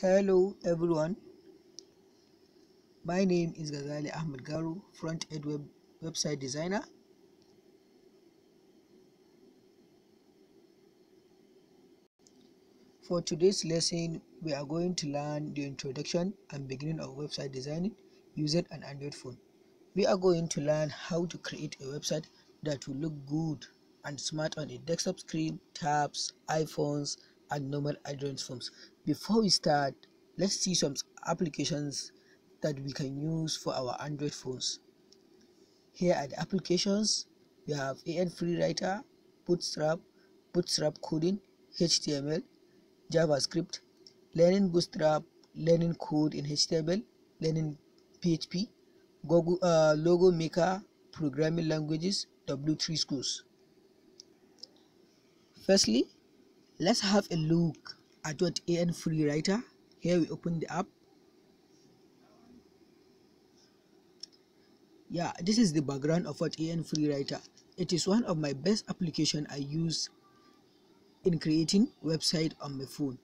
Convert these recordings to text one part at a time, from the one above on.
Hello everyone, my name is Ghazali Ahmed Garu, front-end web website designer. For today's lesson, we are going to learn the introduction and beginning of website designing using an Android phone. We are going to learn how to create a website that will look good and smart on a desktop screen, tabs, iPhones, and normal Android forms. Before we start, let's see some applications that we can use for our Android phones. Here are the applications. We have AN FreeWriter, Bootstrap, Bootstrap Coding, HTML, JavaScript, Learning Bootstrap, Learning Code in HTML, Learning PHP, Google, uh, Logo Maker, Programming Languages, W3 Schools. Firstly, let's have a look at what an free writer here we open the app yeah this is the background of what an free writer it is one of my best application i use in creating website on my phone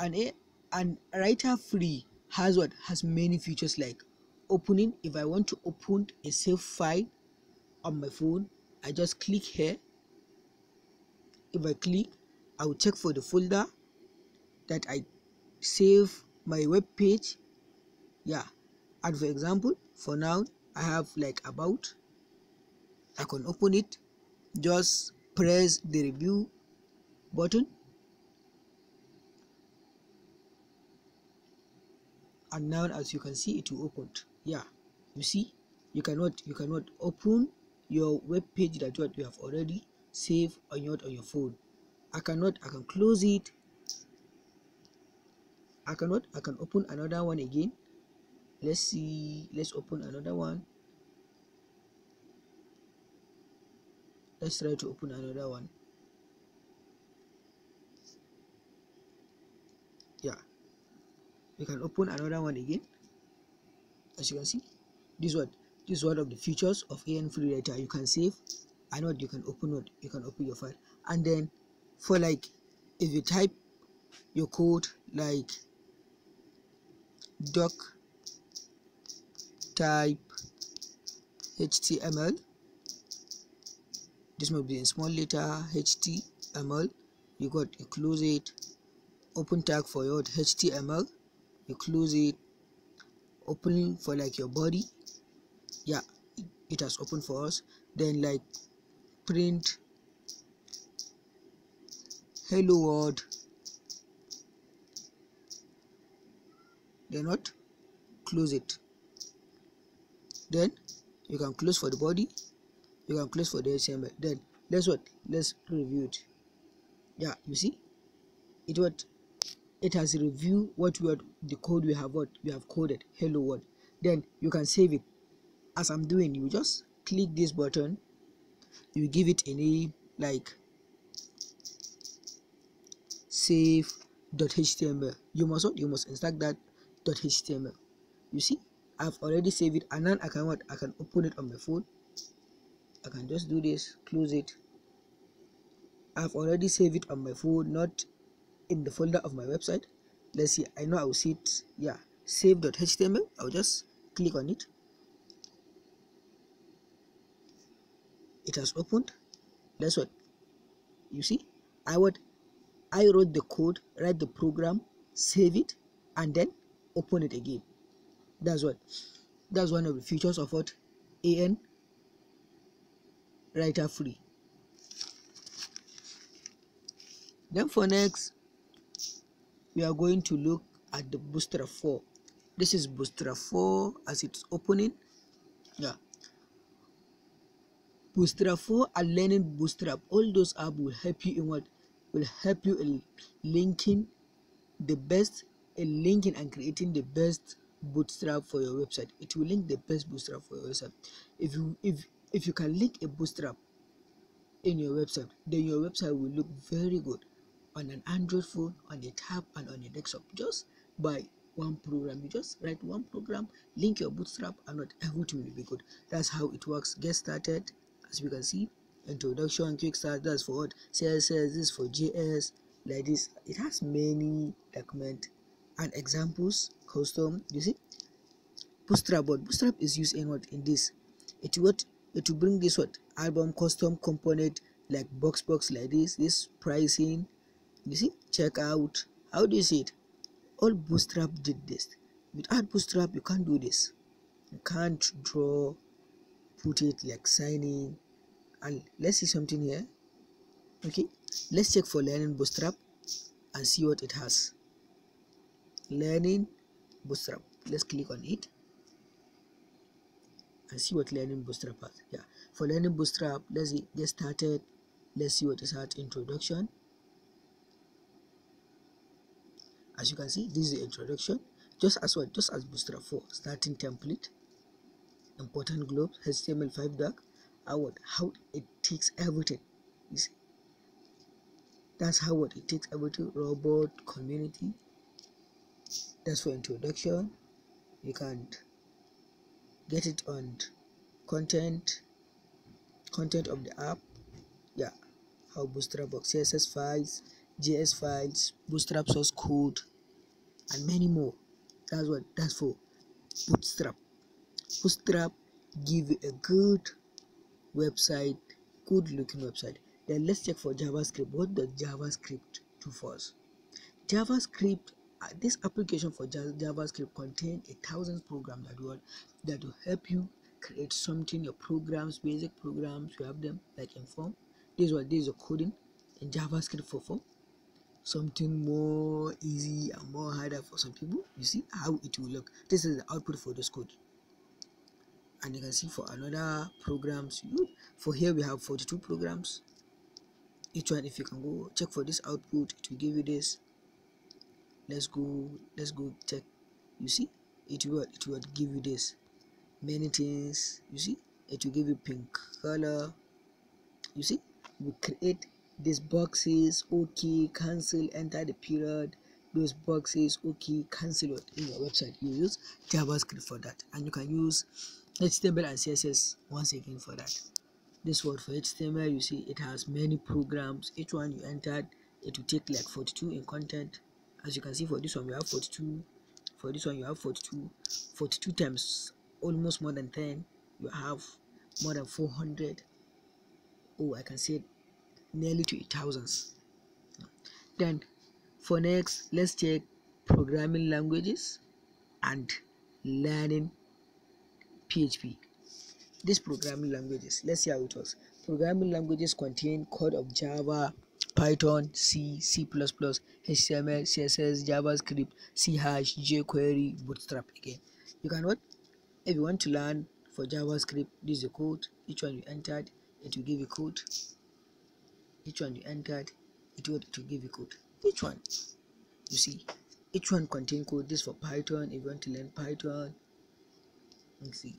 and a and writer free has what has many features like opening if i want to open a save file on my phone i just click here if i click I will check for the folder that I save my web page yeah and for example for now I have like about I can open it just press the review button and now as you can see it will open yeah you see you cannot you cannot open your web page that what you have already saved on your on your phone I cannot I can close it I cannot I can open another one again let's see let's open another one let's try to open another one yeah we can open another one again as you can see this one this one of the features of an free writer you can save I know you can open node you can open your file and then for like if you type your code like doc type html this might be in small letter html you got you close it open tag for your html you close it open for like your body yeah it has opened for us then like print hello world then what close it then you can close for the body you can close for the HTML then let's what let's review it yeah you see it what it has review what we are the code we have what we have coded hello world then you can save it as I'm doing you just click this button you give it any like save.html you must what you must install that .html you see I've already saved it and then I can what I can open it on my phone I can just do this close it I've already saved it on my phone not in the folder of my website let's see I know I will see it yeah save.html I'll just click on it it has opened that's what you see I would I wrote the code, write the program, save it, and then open it again. That's what. That's one of the features of what AN writer free. Then for next, we are going to look at the Bootstrap 4. This is Bootstrap 4 as it's opening. Yeah. Bootstrap 4 and learning Bootstrap. All those apps will help you in what will help you in linking the best in linking and creating the best bootstrap for your website it will link the best bootstrap for your website if you if if you can link a bootstrap in your website then your website will look very good on an android phone on a tab and on a desktop just by one program you just write one program link your bootstrap and not everything will be good that's how it works get started as we can see introduction quick start that's for what css this for js like this it has many document and examples custom you see bootstrap but bootstrap is used in what in this it what it will bring this what album custom component like box box like this this pricing you see checkout how do you see it all bootstrap did this without bootstrap you can't do this you can't draw put it like signing and let's see something here okay let's check for learning bootstrap and see what it has learning bootstrap let's click on it and see what learning bootstrap has yeah for learning bootstrap let's get started let's see what is at introduction as you can see this is the introduction just as well just as bootstrap 4 starting template important globes html5 doc how how it takes everything. You see? That's how it, it takes everything. Robot community. That's for introduction. You can get it on content content of the app. Yeah, how Bootstrap works, CSS files, JS files, Bootstrap source code, and many more. That's what that's for Bootstrap. Bootstrap give you a good website good looking website then let's check for javascript what does javascript do for us javascript uh, this application for javascript contains a thousand programs that will that will help you create something your programs basic programs you have them like in form this what this is coding in javascript for form something more easy and more harder for some people you see how it will look this is the output for this code and you can see for another programs for here we have 42 programs each one if you can go check for this output to give you this let's go let's go check you see it will it will give you this many things you see it will give you pink color you see we create these boxes okay cancel enter the period those boxes okay cancel it in your website you use javascript for that and you can use HTML and CSS once again for that this word for HTML you see it has many programs each one you entered it will take like 42 in content as you can see for this one you have 42 for this one you have 42 42 times almost more than 10 you have more than 400 oh I can say nearly to thousands then for next let's check programming languages and learning PHP. These programming languages, let's see how it works. Programming languages contain code of Java, Python, C, C++, HTML, CSS, JavaScript, C hash, jQuery, Bootstrap again. You can what? If you want to learn for JavaScript, this is the code. Each one you entered, it will give you code. Each one you entered, it will, it will give you code. Each one. You see, each one contain code. This for Python. If you want to learn Python, Let's see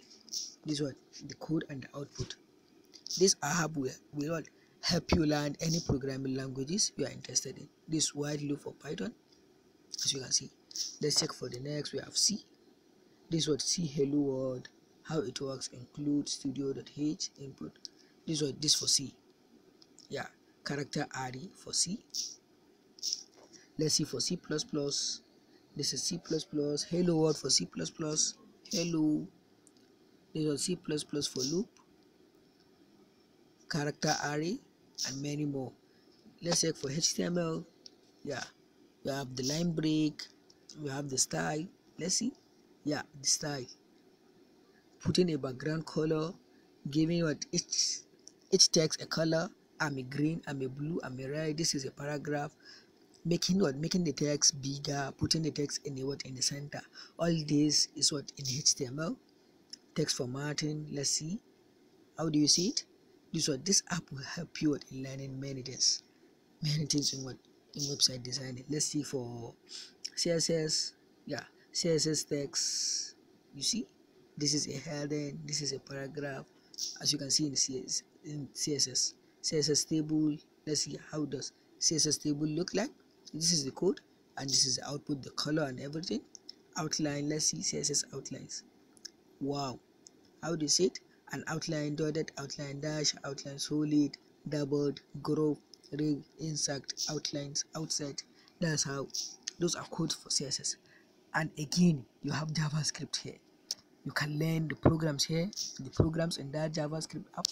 this one the code and the output this ahab will, will all help you learn any programming languages you are interested in this wide loop for python as you can see let's check for the next we have c this what c hello world how it works include studio.h input this what this for c yeah character array for c let's see for c plus plus this is c plus plus hello world for c plus plus hello this on C++ for loop, character array, and many more. Let's check for HTML. Yeah, we have the line break, we have the style. Let's see. Yeah, the style. Putting a background color, giving what each each text a color. I'm a green, I'm a blue, I'm a red. This is a paragraph making what making the text bigger putting the text in the what in the center all this is what in html text formatting let's see how do you see it this what this app will help you in learning many things many things in what in website designing let's see for css yeah css text you see this is a heading this is a paragraph as you can see in css in css css table let's see how does css table look like this is the code and this is the output the color and everything outline let's see css outlines wow how do you see it an outline dotted outline dash outline solid doubled group rig insect outlines outside that's how those are codes for css and again you have javascript here you can learn the programs here the programs in that javascript app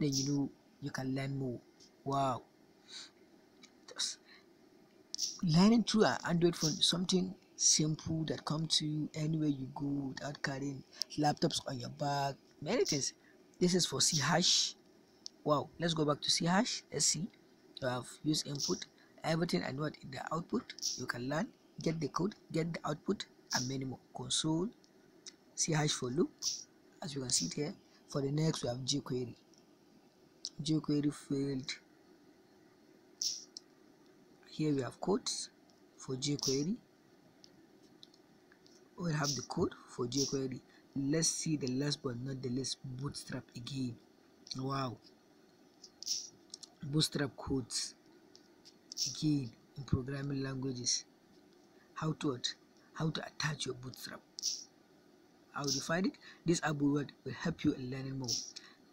then you know you can learn more wow learning through an android phone something simple that come to you anywhere you go without carrying laptops on your back. Many things. This is for C hash. Wow, let's go back to C hash. Let's see. You have used input, everything and what the output. You can learn, get the code, get the output, and many more. Console, C hash for loop. As you can see here. For the next, we have jQuery. jQuery field. Here we have codes for jQuery will have the code for jQuery. Let's see the last but not the least bootstrap again. Wow. Bootstrap codes again in programming languages. How to what? How to attach your bootstrap. How will find it? This Abu word will help you in learning more.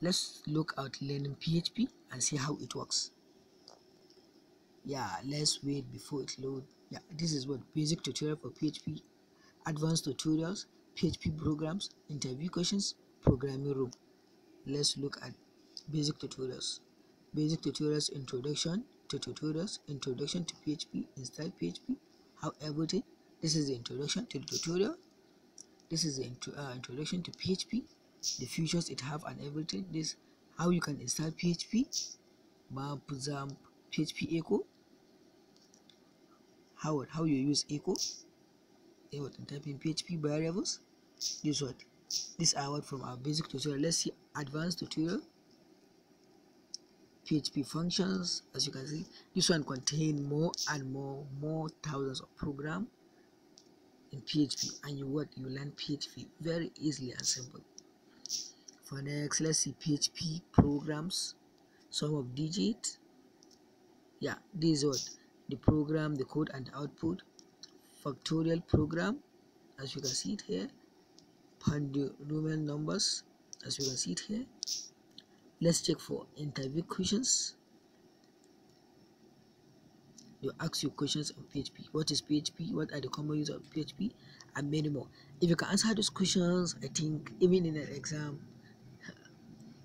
Let's look at learning PHP and see how it works. Yeah, let's wait before it loads yeah this is what basic tutorial for php advanced tutorials, PHP programs, interview questions, programming room. Let's look at basic tutorials. Basic tutorials introduction to tutorials, introduction to PHP, install PHP, how everything. This is the introduction to the tutorial. This is the intro, uh, introduction to PHP, the features it have and everything. This how you can install PHP, map, PHP Echo, how how you use Echo then what? type in php variables this what this award from our basic tutorial let's see advanced tutorial php functions as you can see this one contain more and more more thousands of program in php and you what you learn php very easily and simple for next let's see php programs sum of digit yeah this is what the program the code and output factorial program as you can see it here Panduman numbers as you can see it here let's check for interview questions you ask you questions on PHP what is PHP what are the common uses of PHP and many more if you can answer those questions I think even in an exam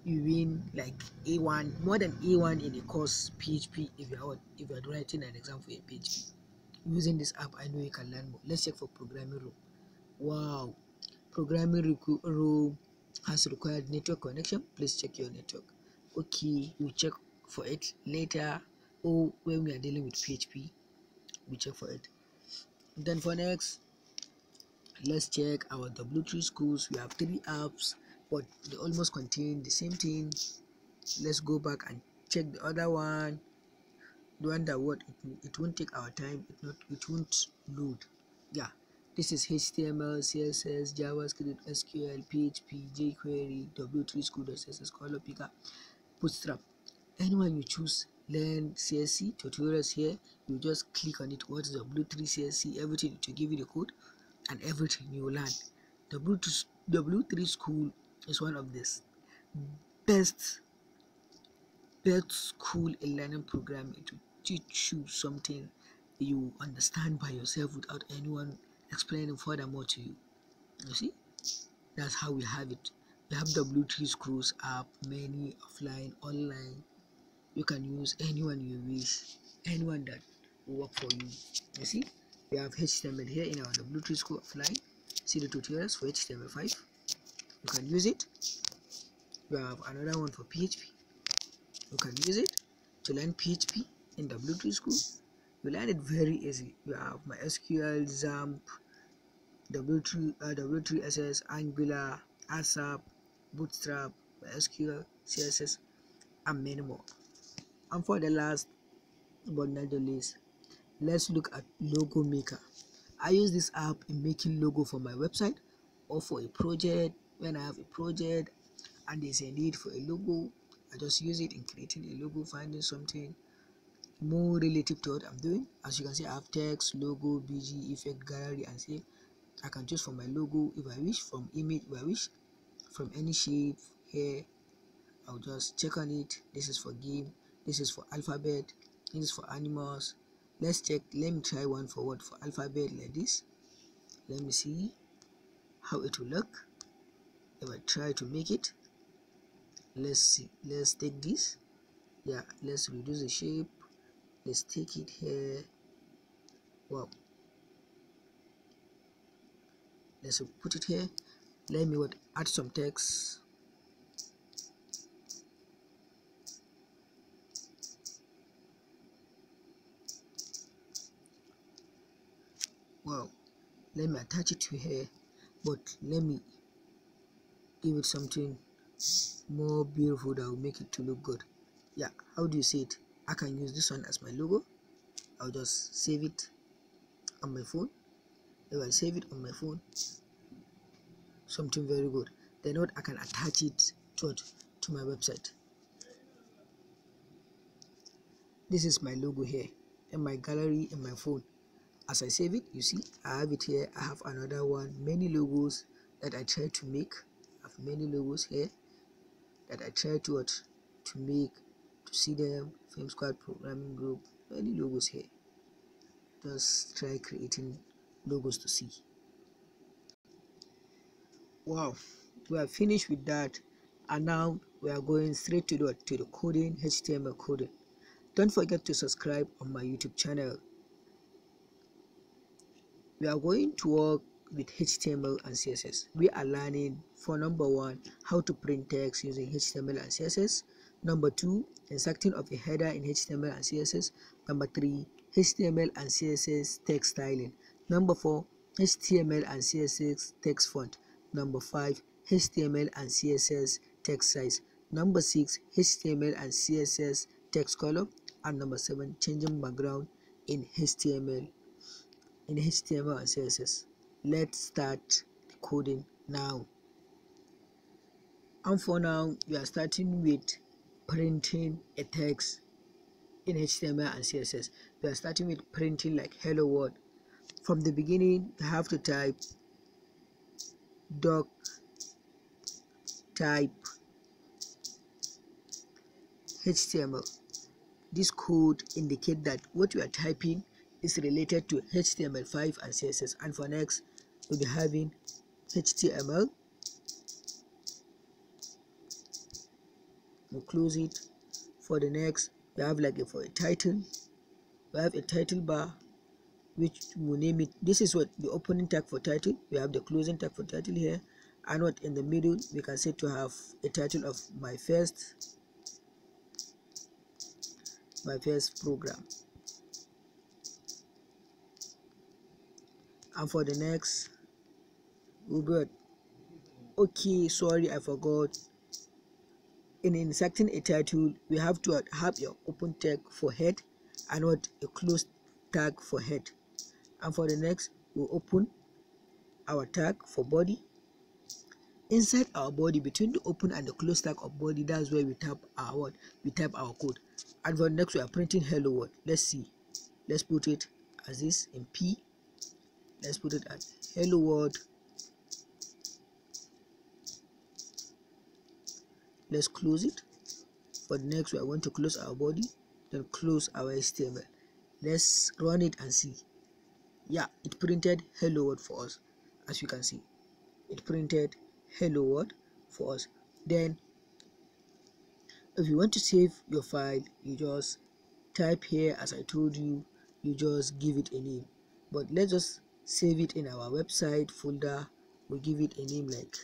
you win like A1 more than A1 in the course PHP if you are if you are writing an exam for a PHP using this app i know you can learn more let's check for programming room wow programming room has required network connection please check your network okay we check for it later or oh, when we are dealing with php we check for it then for next let's check our w3 schools we have three apps but they almost contain the same thing let's go back and check the other one wonder what it, it won't take our time it not it won't load yeah this is html css javascript sql php jquery w3 school.css color picker bootstrap anyone you choose learn csc tutorials here you just click on it what's w3 csc everything to give you the code and everything you learn w2 w3 school is one of this best that's school a learning program. It will teach you something you understand by yourself without anyone explaining furthermore to you. You see? That's how we have it. We have W3 Screws app, many offline, online. You can use anyone you wish, anyone that will work for you. You see? We have HTML here in our W3 School offline. See the tutorials for HTML5. You can use it. We have another one for PHP you can use it to learn php in w2 school you learn it very easy you have mysql xampp w3 uh, w3ss angular asap bootstrap sql css and many more and for the last but not the least let's look at logo maker i use this app in making logo for my website or for a project when i have a project and there's a need for a logo I just use it in creating a logo, finding something more relative to what I'm doing. As you can see, I have text, logo, BG, effect, gallery, and see I can choose from my logo if I wish, from image if I wish, from any shape here. I'll just check on it. This is for game, this is for alphabet, this is for animals. Let's check. Let me try one for what for alphabet like this. Let me see how it will look if I try to make it let's see let's take this yeah let's reduce the shape let's take it here wow let's put it here let me what add some text wow let me attach it to here but let me give it something more beautiful that will make it to look good yeah how do you see it i can use this one as my logo i'll just save it on my phone if i save it on my phone something very good then what i can attach it to it, to my website this is my logo here in my gallery in my phone as i save it you see i have it here i have another one many logos that i try to make i have many logos here that I try to to make to see the Film Squad programming group any logos here. Just try creating logos to see. Wow, we are finished with that, and now we are going straight to the to the coding HTML coding. Don't forget to subscribe on my YouTube channel. We are going to work with HTML and CSS. We are learning for number one how to print text using HTML and CSS. Number two, inserting of a header in HTML and CSS. Number three, HTML and CSS text styling. Number four, HTML and CSS text font. Number five, HTML and CSS text size. Number six, HTML and CSS text color. And number seven, changing background in HTML in HTML and CSS let's start coding now and for now we are starting with printing a text in html and css we are starting with printing like hello world from the beginning you have to type doc type html this code indicate that what you are typing is related to html5 and css and for next will be having HTML we close it for the next we have like a, for a title we have a title bar which we name it this is what the opening tag for title we have the closing tag for title here and what in the middle we can say to have a title of my first my first program and for the next Ubud. Oh okay, sorry, I forgot. In inserting a title, we have to have your open tag for head and not a closed tag for head. And for the next, we open our tag for body. Inside our body, between the open and the closed tag of body, that's where we type our word, we type our code. And for next, we are printing hello world. Let's see. Let's put it as this in P let's put it at hello world let's close it but next we are going to close our body then close our stable let's run it and see yeah it printed hello world for us as you can see it printed hello world for us then if you want to save your file you just type here as i told you you just give it a name but let's just save it in our website folder we give it a name like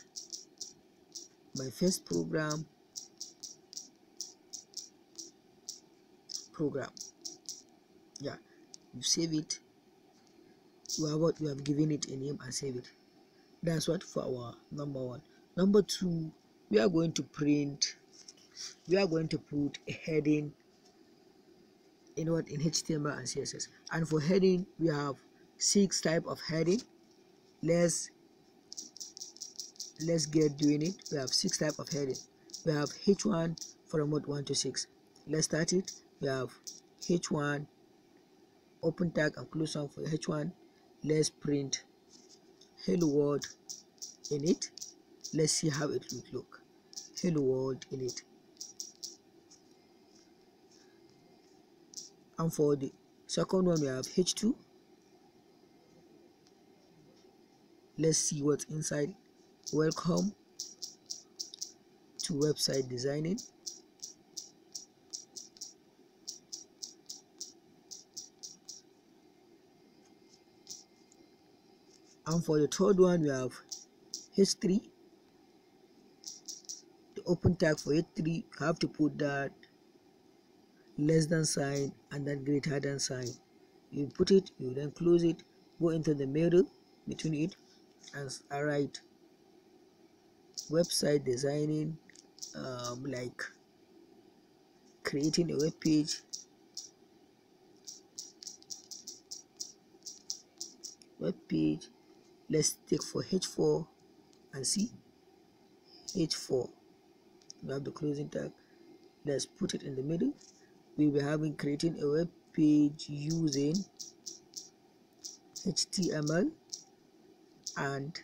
my first program program yeah you save it you have what you have given it a name and save it that's what for our number one number two we are going to print we are going to put a heading in what in html and css and for heading we have six type of heading let's let's get doing it we have six type of heading we have h1 from mode 1 to 6 let's start it we have h1 open tag and close on for h1 let's print hello world in it let's see how it would look hello world in it and for the second one we have h2 let's see what's inside welcome to website designing and for the third one we have history the open tag for history you have to put that less than sign and then greater than sign you put it you then close it go into the middle between it has arrived website designing um, like creating a web page web page let's take for h4 and see h4 we have the closing tag let's put it in the middle we will be having creating a web page using html and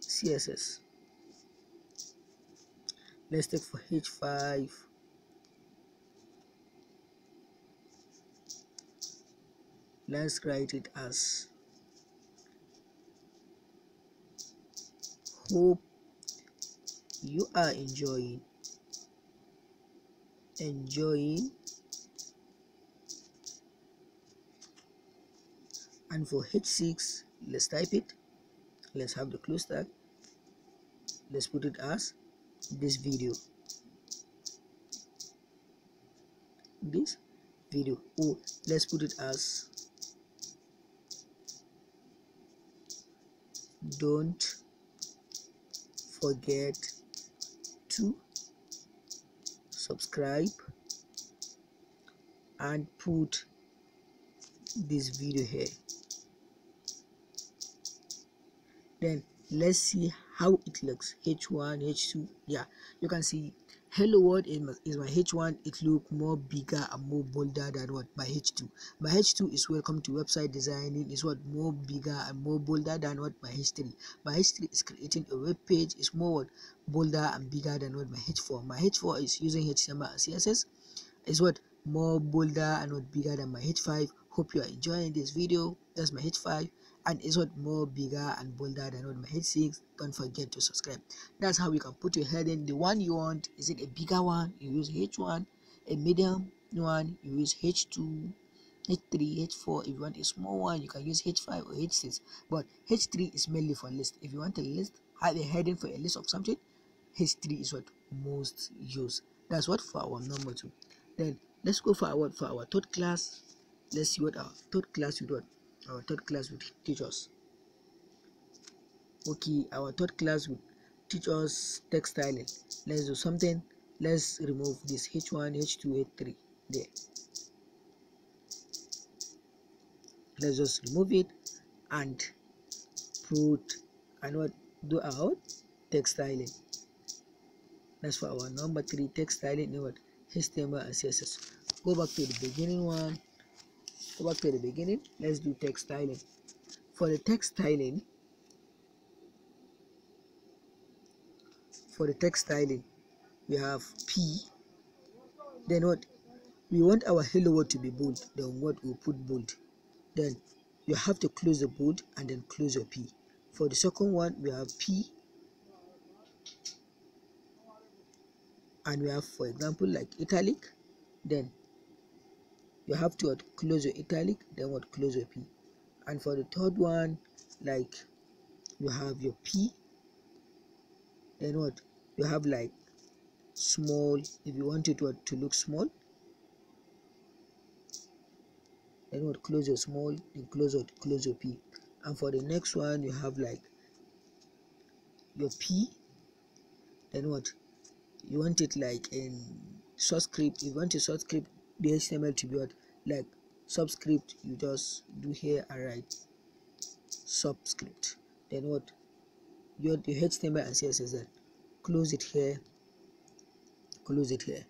css let's take for h5 let's write it as hope you are enjoying enjoying and for h6 let's type it let's have the close tag let's put it as this video this video oh let's put it as don't forget to subscribe and put this video here then let's see how it looks h1 h2 yeah you can see hello world is my h1 it look more bigger and more bolder than what my h2 my h2 is welcome to website designing is what more bigger and more bolder than what my h3 my h3 is creating a web page is more what bolder and bigger than what my h4 my h4 is using html and css is what more bolder and what bigger than my h5 hope you are enjoying this video that's my h5 and is what more bigger and bolder than what my head seeks don't forget to subscribe that's how you can put your heading the one you want is it a bigger one you use h1 a medium one you use h2 h3 h4 if you want a small one you can use h5 or h6 but h3 is mainly for list if you want a list have a heading for a list of something h3 is what most use. that's what for our number two then let's go for our for our third class let's see what our third class would want our third class will teach us okay our third class will teach us textiling let's do something let's remove this h1 h2 h3 there let's just remove it and put and what do our textiling that's for our number three textiling what html and css go back to the beginning one go back to the beginning let's do text styling for the text styling for the text styling we have p then what we want our hello word to be bold then what we put bold then you have to close the bold and then close your p for the second one we have p and we have for example like italic then you have to close your italic then what close your p and for the third one like you have your p then what you have like small if you want it to, to look small then what close your small then close your close your p and for the next one you have like your p then what you want it like in short script you want a short script the HTML to build like subscript you just do here and write subscript then what your the HTML and CSS close it here close it here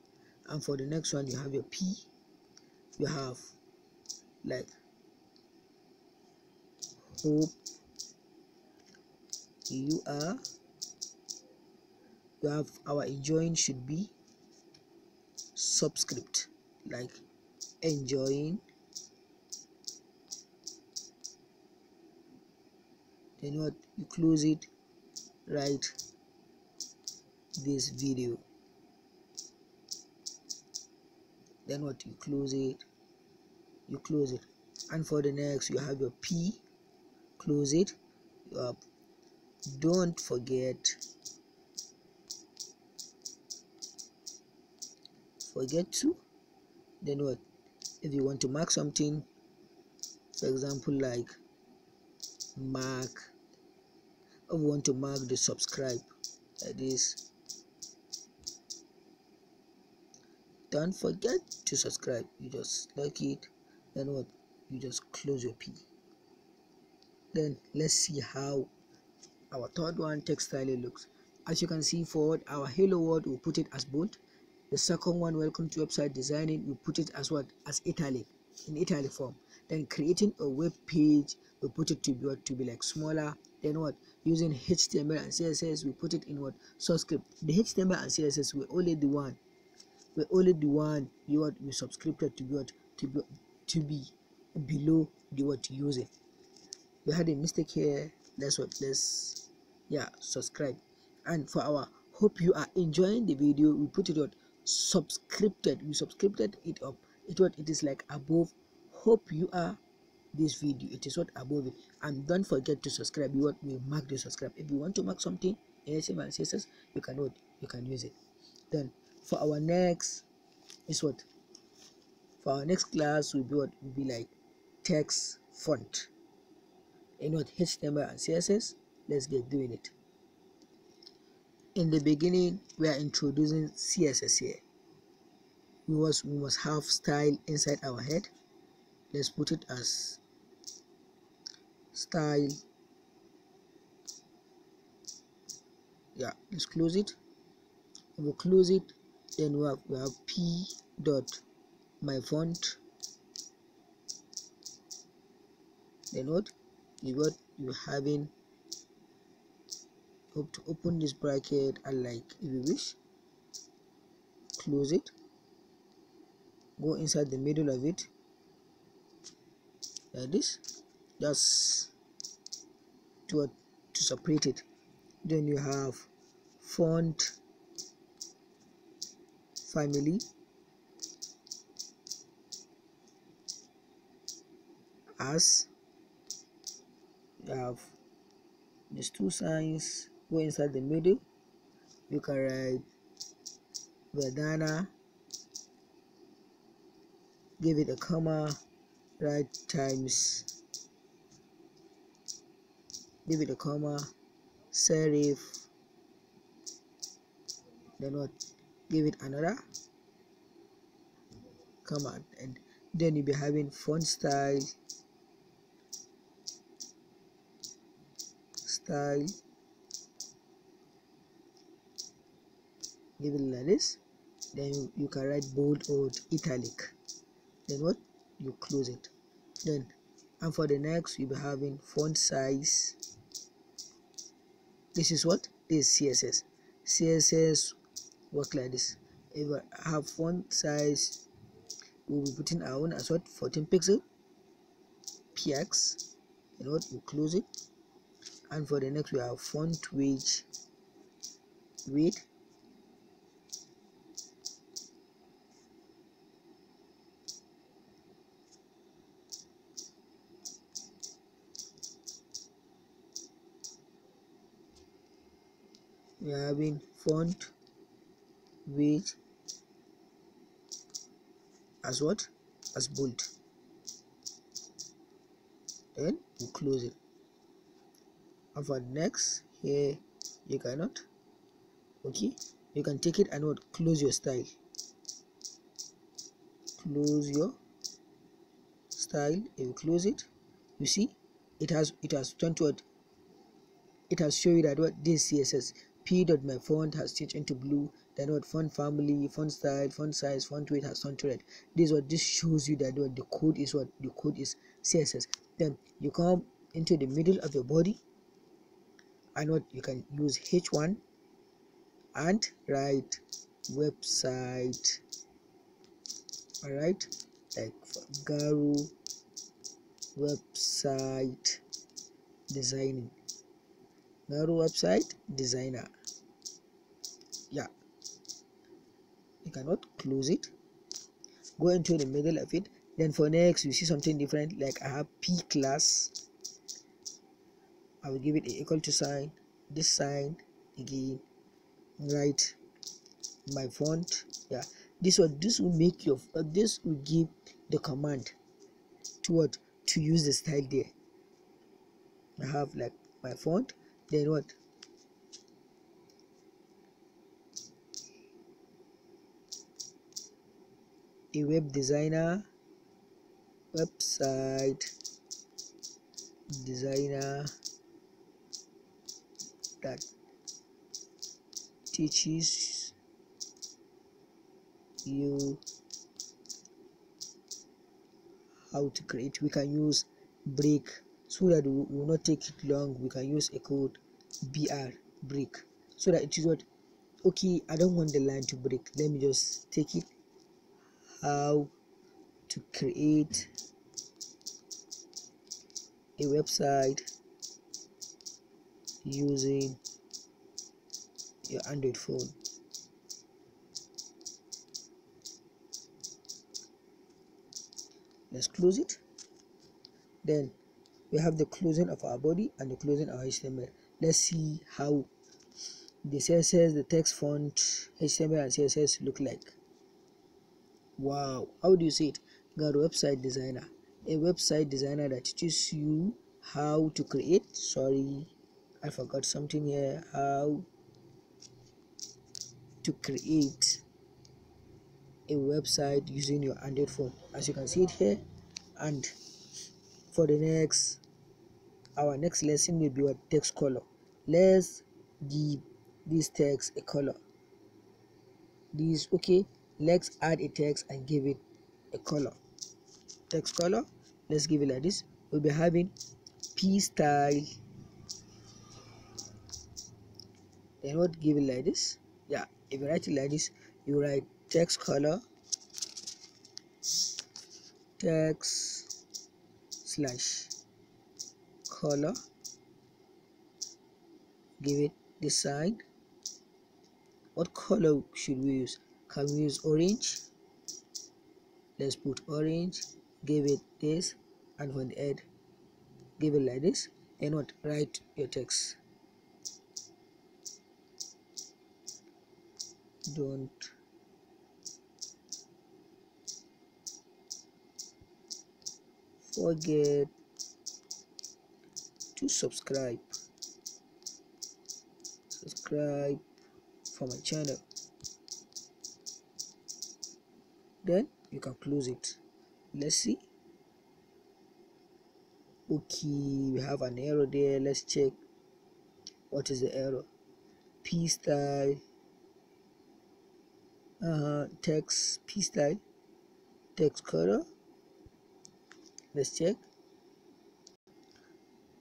and for the next one you have your P you have like hope you are you have our join should be subscript like enjoying then what you close it right this video then what you close it you close it and for the next you have your p close it you up, don't forget forget to then what if you want to mark something for example like mark if you want to mark the subscribe like this don't forget to subscribe you just like it then what you just close your p then let's see how our third one textile looks as you can see forward our hello world we will put it as bold the second one welcome to website designing we put it as what as italic in italic form then creating a web page we put it to be what to be like smaller then what using html and css we put it in what subscript the html and css were only the one were only the one you what we subscribed to be what to be to be below the what using we had a mistake here that's what let's yeah subscribe and for our hope you are enjoying the video we put it out subscribed we subscribed it up it what it is like above hope you are this video it is what above it and don't forget to subscribe you want we mark the subscribe if you want to mark something ASM and CSS you can it you can use it then for our next is what for our next class will be what will be like text font in what HTML and CSS let's get doing it in the beginning we are introducing css here we must we must have style inside our head let's put it as style yeah let's close it we will close it then we have, we have p dot my font then what you got you having hope to open this bracket like if you wish close it go inside the middle of it like this just to, uh, to separate it then you have font family as you have these two signs go inside the middle you can write Vedana give it a comma right times give it a comma serif then what give it another comma and then you'll be having font style style label like this then you, you can write bold or italic then what you close it then and for the next we'll be having font size this is what this is css css work like this if i have font size we'll be putting our own as what 14 pixel px and what we close it and for the next we have font weight weight Rabin font which as what as bold then we close it After next here you cannot okay you can take it and what close your style close your style and close it you see it has it has turned to what it has shown you that what this css P. My font has changed into blue. Then what font family, font style, font size, font weight has turned to red. This what this shows you that what the code is what the code is CSS. Then you come into the middle of your body and what you can use H1 and write website all right like garu website designing Naru website designer yeah you cannot close it go into the middle of it then for next you see something different like I have P class I will give it equal to sign this sign again right my font yeah this one this will make your uh, this will give the command to what to use the style there I have like my font there what? A web designer website designer that teaches you how to create we can use brick so that we will not take it long we can use a code br break so that it is what okay i don't want the line to break let me just take it how to create a website using your android phone let's close it then we have the closing of our body and the closing of our HTML. Let's see how the CSS, the text font, HTML and CSS look like. Wow, how do you see it? Got a website designer, a website designer that teaches you how to create. Sorry, I forgot something here. How to create a website using your Android phone, as you can see it here. And for the next our next lesson will be what text color let's give this text a color this okay let's add a text and give it a color text color let's give it like this we'll be having p style then what give it like this yeah if you write it like this you write text color text slash color give it this side what color should we use can we use orange let's put orange give it this and on the head give it like this and what write your text don't forget to subscribe subscribe for my channel then you can close it let's see okay we have an error there let's check what is the error p style uh, uh-huh. text p style text color let's check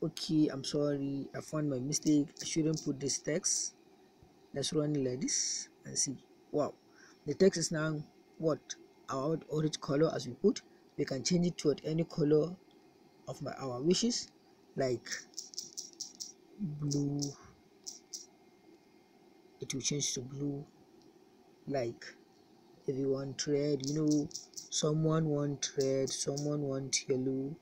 okay i'm sorry i found my mistake i shouldn't put this text let's run it like this and see wow the text is now what our orange color as we put we can change it to any color of my our wishes like blue it will change to blue like if you want red you know someone want red someone want yellow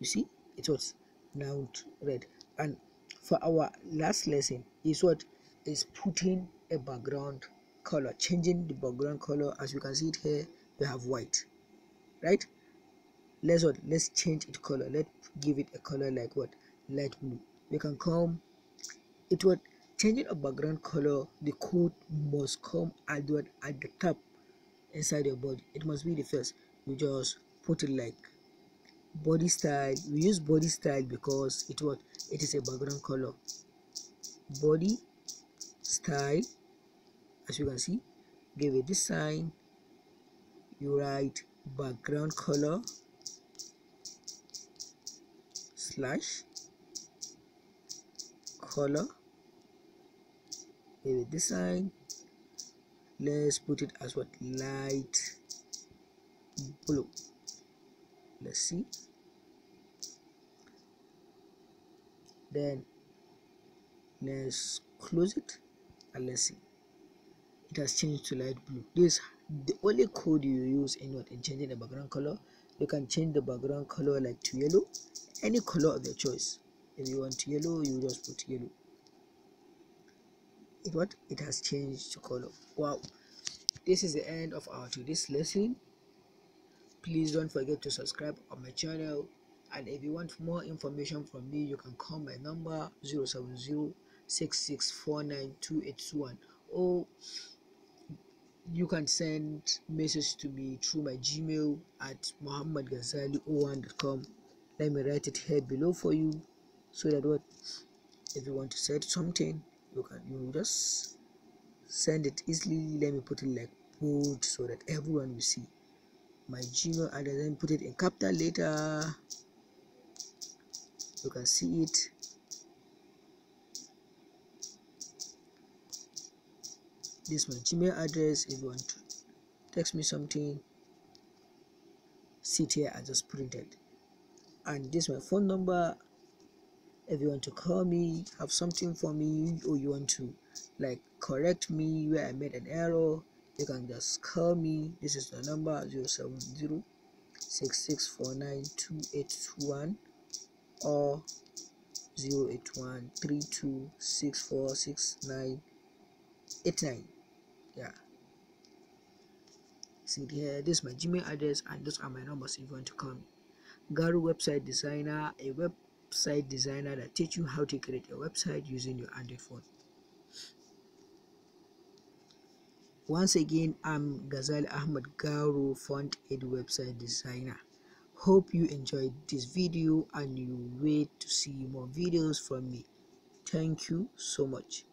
you see it was note read and for our last lesson is what is putting a background color changing the background color as you can see it here we have white right let's what let's change it color let's give it a color like what light blue we can come it would changing a background color the code must come outward at the top inside your body it must be the first you just put it like body style we use body style because it what it is a background color body style as you can see give it this sign you write background color slash color give it this sign let's put it as what light blue let's see then let's close it and let's see it has changed to light blue this the only code you use in what in changing the background color you can change the background color like to yellow any color of your choice if you want yellow you just put yellow it what it has changed to color wow this is the end of our today's lesson please don't forget to subscribe on my channel and if you want more information from me you can call my number 070 or you can send message to me through my gmail at muhammadghazali com. let me write it here below for you so that what if you want to say something you can you just send it easily let me put it like bold so that everyone will see my gmail and then put it in capital letter you can see it this my gmail address if you want to text me something sit here i just printed and this my phone number if you want to call me have something for me or you want to like correct me where i made an error you can just call me this is the number 070 6649 or 081 yeah see here this is my gmail address and those are my numbers if you want to call me garu website designer a website designer that teach you how to create a website using your android phone Once again, I'm Ghazal Ahmad Garo, Font Aid website designer. Hope you enjoyed this video and you wait to see more videos from me. Thank you so much.